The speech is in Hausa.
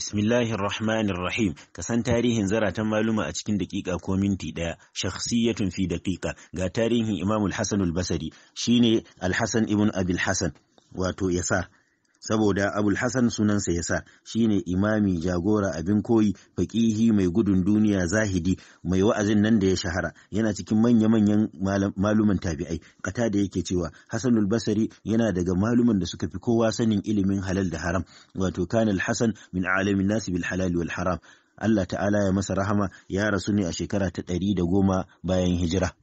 Bismillahir Rahmanir Rahim ka san tarihin zaratan maluma a cikin daƙiƙa ko minti ɗaya shakhsiyatun fi daƙiƙa ga tarihin imamul Al-Hasan basri shine Al-Hasan ibn Abi Al-Hasan wato yasa saboda abul hasan sunansa yasa shine imami jagora abin koyi faƙihi mai gudun duniya zahidi mai wa'azin nan da ya shahara yana cikin manya-manyan maluman tabi'ai kata da yake cewa hasanul basari yana daga maluman da suka fi kowa sanin ilimin halal da haram wato kanal Hassan min alamin nasi bil halal wal haram Allah ta'ala ya masa rahama ya rasu ne a shekara ta ɗari da goma bayan hijira.